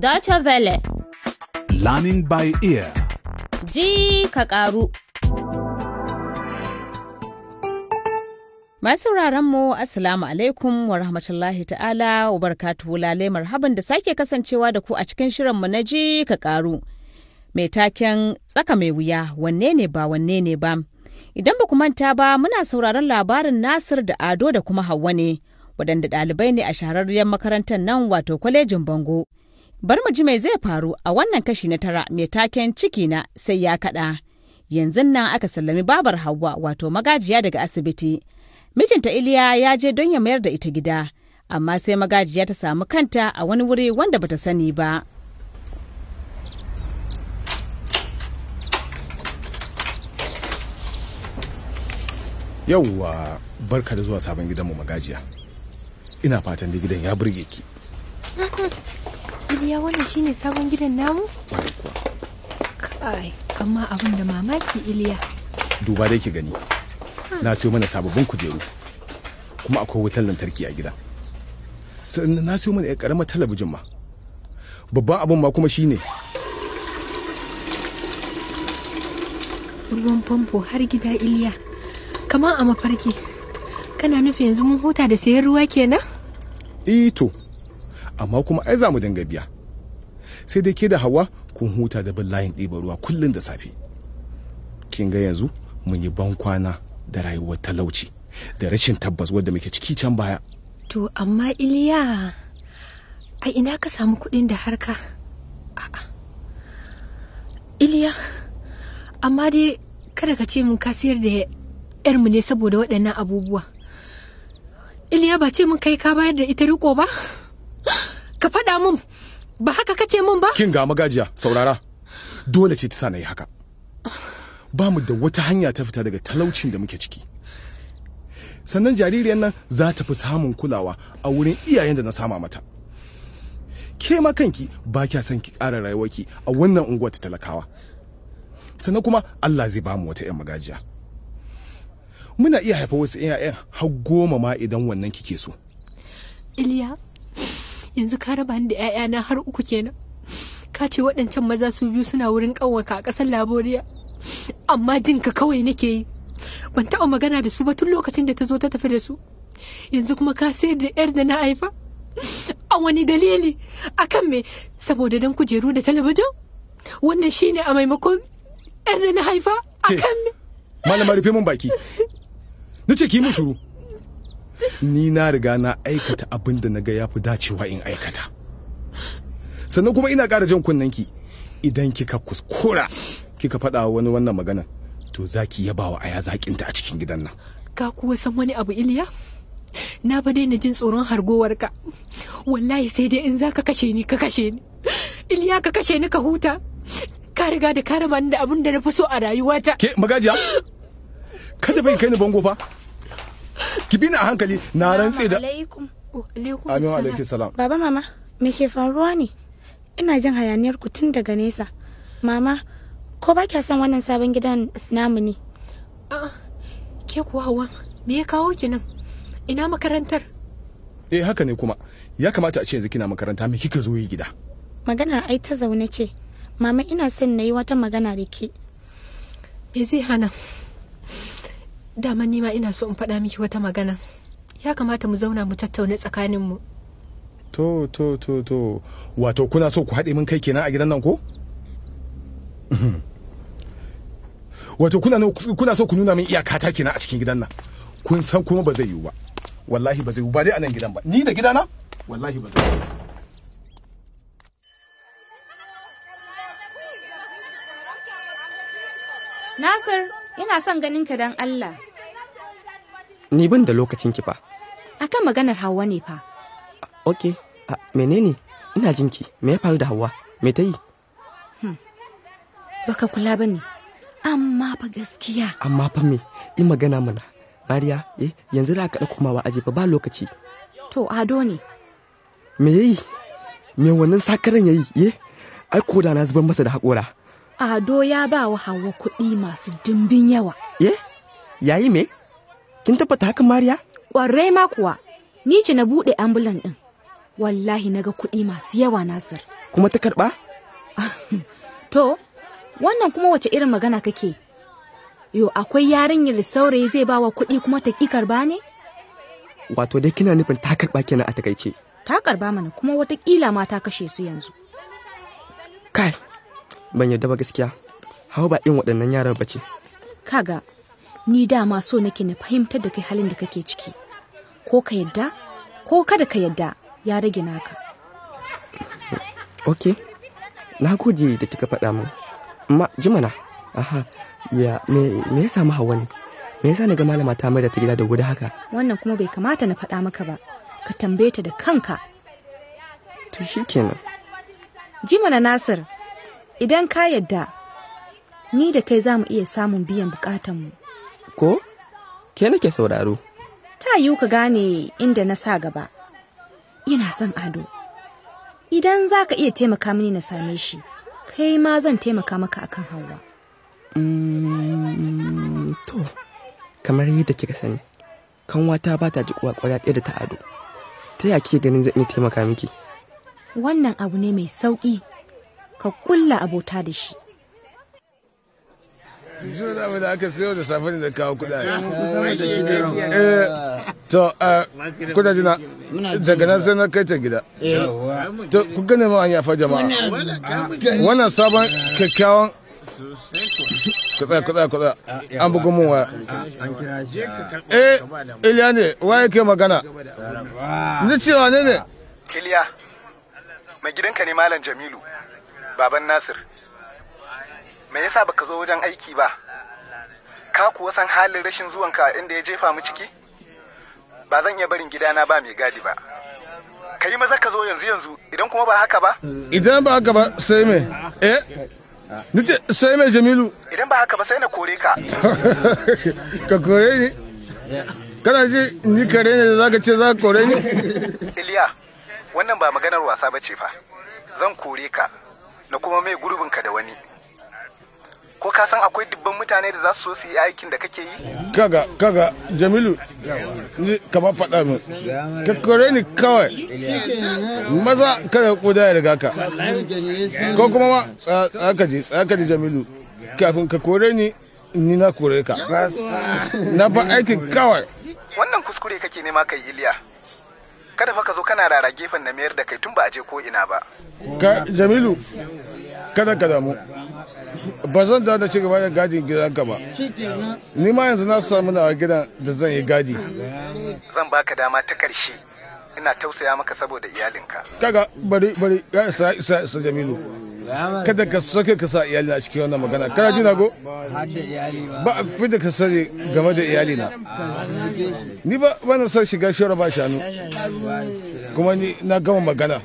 Deutsche Welle. Learning by ear. Ji ka karu. Masu mu Assalamu alaikum wa rahmatullahi ta'ala wa barkatuhu lalai marhaban da sake kasancewa da ku a cikin shirinmu na ji ka karu Mai taken tsaka mai wuya wanne ne ba wanne ne ba. Idan ba ku manta ba muna sauraron labarin Nasir da Ado da kuma Hauwa ne. waɗanda ɗalibai ne a shahararriyar makarantar nan wato kwalejin Bango Bar mu ji mai zai faru a wannan kashi na tara mai taken ciki na sai ya kaɗa. Yanzu nan aka sallami babar Hauwa wato magajiya daga asibiti. Mijinta Iliya ya je don ya mayar da ita gida, amma sai magajiya ta samu kanta a wani wuri wanda bata sani ba. Yauwa barka da zuwa sabon gidanmu magajiya. Ina fatan da gidan ya burge ki. Iliya wannan shine sabon gidan namu? Kai, amma abin da mamaki Iliya. Duba dai ki gani. Na siyo mana sababbin kujeru. Kuma akwai wutar lantarki a gida. Sannan na siyo mana ƴar ƙaramar talabijin ma. Babban abin ma kuma shine ruwan famfo har gida Iliya. Kamar a mafarki. Kana nufin yanzu mun huta da sayan ruwa kenan? Ito, eh amma kuma ai za mu dinga biya sai dai ke da hawa kun huta da bin layin ɗiba ruwa kullum da safe kin ga yanzu mun yi ban kwana da rayuwar talauci da rashin tabbas wadda muke ciki can baya to amma iliya a ina ka samu kuɗin da harka a'a iliya amma dai kada ka ce mun ka sayar da yarmu ne saboda waɗannan abubuwa iliya ba ce mun kai ka bayar da ita riko ba ka faɗa min ba haka kace mun ba kin ga magajiya saurara dole ce ta sa na yi haka ba mu da wata hanya ta fita daga talaucin da muke ciki sannan jaririyar nan za ta fi samun kulawa a wurin iyayen da na sama mata ke ma kanki ba kya son ki ƙara rayuwarki a wannan unguwar ta talakawa sannan kuma Allah zai ba mu wata 'yan magajiya muna iya haifa wasu 'ya'yan har goma ma idan wannan kike so Iliya yanzu ka raba ni da 'ya'yana har uku kenan ka ce waɗancan maza su biyu suna wurin ƙanwaka a ƙasar laboriya amma jin ka kawai nake yi ban taɓa magana da su ba tun lokacin da ta zo ta tafi da su yanzu kuma ka sayar da 'yar da na haifa a wani dalili akan me saboda don kujeru da talabijin wannan shine a maimakon 'yar da na haifa akan me malama rufe mun baki ce ki mun shuru ni na riga na aikata abin da na ga ya fi dacewa in aikata sannan kuma ina ƙara jan kunnanki idan kika kuskura kika faɗa wani wannan magana to za ki yaba wa aya zaƙinta a cikin gidan nan ka kuwa san wani abu iliya na ba na jin tsoron hargowar ka wallahi sai dai in za ka kashe ni ka kashe ni iliya ka kashe ni ka huta ka riga da ka raba ni da abin da na fi so a rayuwata ke magajiya kada bai kai ni bango fa ki bi ni a hankali na rantse da alaikum oh, alaikum alaikum salam baba mama me ke faruwa ne ina jin hayaniyar ku tun daga nesa mama ko ba kya son wannan sabon gidan namu ne a'a ah, ke kuwa hawa me ya kawo ki nan ina makarantar eh haka ne kuma ya kamata a ce yanzu kina makaranta me kika zo yi gida maganar ai ta zaune ce mama ina son na yi wata magana da ke me zai hana dama nima ina so in faɗa miki wata magana ya kamata mu zauna mu tattauna tsakaninmu to to to to wato kuna so ku haɗe min kai kenan a gidan nan ko mhm. wato kuna kuna so ku nuna min iyaka ta kenan a cikin gidan nan kun san kuma ba zai yiwu ba wallahi ba zai yiwu ba dai a nan gidan ba ni da gidana wallahi ba zai yiwu Nasir ina son ganin ka dan Allah. Ni bin da lokacin ki fa. Akan maganar Hauwa ne fa. Ah, ok, ah, menene? Ina jinki, me ya faru da Hauwa? Me ta yi? Hmm. Baka kula ba ne, amma fa gaskiya. Amma fa me, yi magana mana. Mariya, eh, yanzu za ka kaɗa wa aji fa ba lokaci. To, ado ne. Me ya yi? Me wannan sakaran ya yi? Eh, ai ko da na zubar masa da haƙora. Ado ya ba wa Hauwa kuɗi masu dimbin yawa. Ye? Yayi me? Kin tabbata haka Mariya? Ƙwarai ma kuwa, ni ce na buɗe ambulan ɗin. Wallahi na ga kuɗi masu yawa Nasir. Kuma ta karɓa? to, wannan kuma wace irin magana kake? Yo, akwai yarinyar da saurayi zai ba wa kuɗi kuma ta ƙi karɓa ne? Wato dai kina nufin ta karɓa kenan a takaice. Ta karɓa mana kuma ƙila ma ta kashe su yanzu. Kai, ban yarda ba gaskiya hau ba in waɗannan yaran bace kaga ni dama so nake na fahimtar da kai halin da kake ciki ko ka yadda ko kada ka yadda ya rage naka ok na gode da kika faɗa min amma jimana aha ya me ya samu hawa ne me yasa na ga malama ta mai da ta gida da gudu haka wannan kuma bai kamata na faɗa maka ba ka tambaye ta da kanka to shikenan jimana nasir idan ka yadda ni da kai za mu iya samun biyan bukatanmu ko ke nake sauraro ta yiwu ka gane inda na sa gaba ina son ado idan za ka iya taimaka mini na same shi kai ma zan taimaka maka akan hawa mm, to kamar yadda kika sani kanwata ba ta jikuwa kwarya ɗaya da ta ado ta yaki ganin zan iya taimaka miki wannan abu ne mai sauƙi ka kulla abota da shi shi da aka sayo da safe da kawo eh, eh, eh, daga nan sai kai ta gida. To, ku gane ma an yafa jama'a. Wannan sabon kyakkyawan kutsa kutsa kutsa an bugu mun waya. Eh, Iliya ne, waye ke magana? Ni cewa ne ne? Iliya, mai gidanka ne Malam Jamilu. baban Nasir, me yasa baka zo wajen aiki ba? Ka kuwa san halin rashin zuwanka inda ya jefa mu ciki? Ba zan iya barin gidana ba mai gadi ba. Ka yi maza ka zo yanzu yanzu idan kuma ba haka ba? Idan ba haka ba sai me? Eh? Nace sai me Jamilu? Idan ba haka ba sai na kore ka. Ka kore ni? Kana ji ni kare ne da zaka ce za ka kore ni? Iliya, wannan ba maganar wasa ba ce fa. Zan kore ka. na kuma mai gurbinka da wani ko ka san akwai dubban mutane da za su so su yi aikin da kake yi kaga kaga jamilu ni ka ba faɗa min ka kore ni kawai maza kada da ya riga ka ko kuma ma tsaka ji jamilu kafin ka kore ni ni na kore ka na ba aikin kawai wannan kuskure kake nema kai iliya kada fa ka zo kana rara gefen na mayar da kai tun ba a je ko ina ba ka jamilu kada ka damu ba zan da ci gaba da gadin ka ba ni ma yanzu na samu na gidan da zan yi gadi zan baka dama ta karshe ina tausaya maka saboda iyalinka kaga bari bari ya isa isa isa jamilu kada ka sake ka sa iyali na cikin wannan magana Kada ji na go ba fi da ka sani game da iyali na ni ba ba na son shiga shora ba shanu kuma ni na gama magana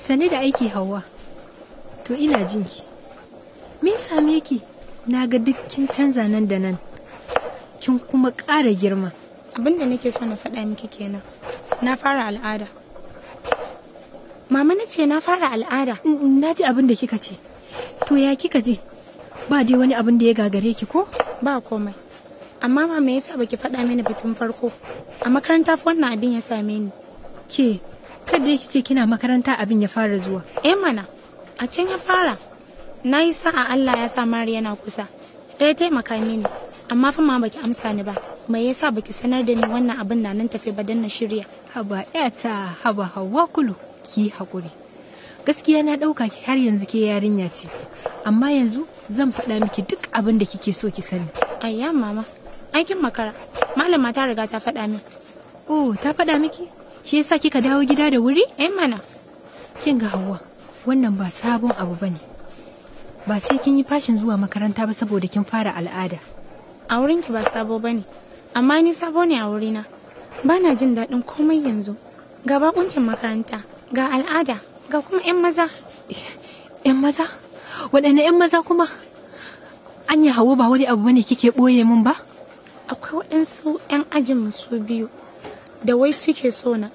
sani da aiki hawa to ina jinki me same ki na ga duk kin canza nan da nan kin kuma ƙara girma Abinda nake so na faɗa miki kenan na fara al'ada mama na ce na fara al'ada mm, mm, na ji abin da kika ce to ya kika ji ba dai wani abin da ya gagare ki ko ba komai amma ma me yasa baki faɗa mini batun farko a makaranta fa wannan abin ya same ni ke kada yake ce kina makaranta abin ya fara zuwa eh mana a can ya fara na yi sa'a Allah ya sa Mariya na kusa ɗaya taimaka mini amma fa ma baki amsa ni ba me yasa baki sanar da ni wannan abin na nan tafe ba dan na shirya haba yata haba hawa kulu ki hakuri gaskiya na dauka ki har yanzu ke yarinya ce amma yanzu zan faɗa miki duk abin da kike so ki sani ayya mama aikin makara malama ta riga ta faɗa min oh ta faɗa miki shi yasa kika dawo gida da wuri eh mana kin ga hawa wannan ba sabon abu bane ba sai kin yi fashin zuwa makaranta ba saboda kin fara al'ada a wurinki ba sabo ba ne amma ni sabo ne a wurina ba na jin daɗin komai yanzu ga bakuncin makaranta ga al'ada ga kuma 'yan maza 'yan maza waɗanne 'yan maza kuma an yi hawo ba wani abu ne kike ɓoye mun ba akwai waɗansu 'yan ajinmu su biyu da wai suke sona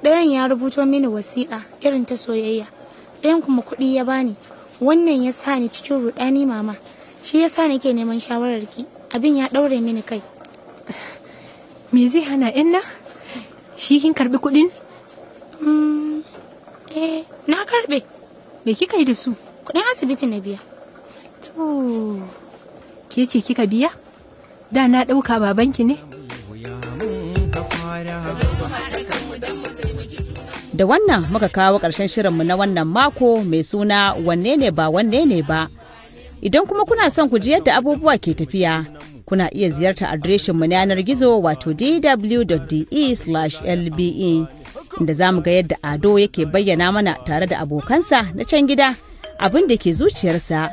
ɗayan ya rubuto mini wasiƙa irin ta soyayya ɗayan kuma kuɗi ya bani wannan ya sa ni cikin ruɗani mama shi ya sa nake neman shawararki abin ya ɗaure mini kai me zai hana yan nan shi kin karbi kuɗin mm, eh na karbe me kika yi da su kuɗin asibiti na biya to ke ce kika biya da na ɗauka babanki ne da wannan muka kawo ƙarshen shirinmu na wannan mako mai suna wanne ne ba wanne ne ba Idan kuma kuna son ku ji yadda abubuwa ke tafiya, kuna iya ziyarta adireshinmu na yanar gizo wato dw.de/lbe e, inda za mu ga yadda ado yake bayyana mana tare da abokansa na can gida abin da ke zuciyarsa.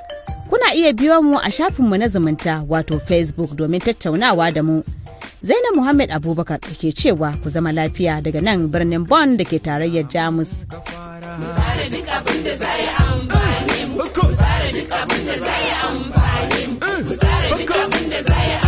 Kuna iya biyo mu a shafinmu na zumunta wato Facebook domin tattaunawa da mu. Zainab Muhammad Abubakar ke cewa ku zama lafiya daga nan birnin Bonn da ke tarayyar Jamus. Mu duk abin da za yi duk abin da zai amfani. Ku tsara duk abin da zai amfani.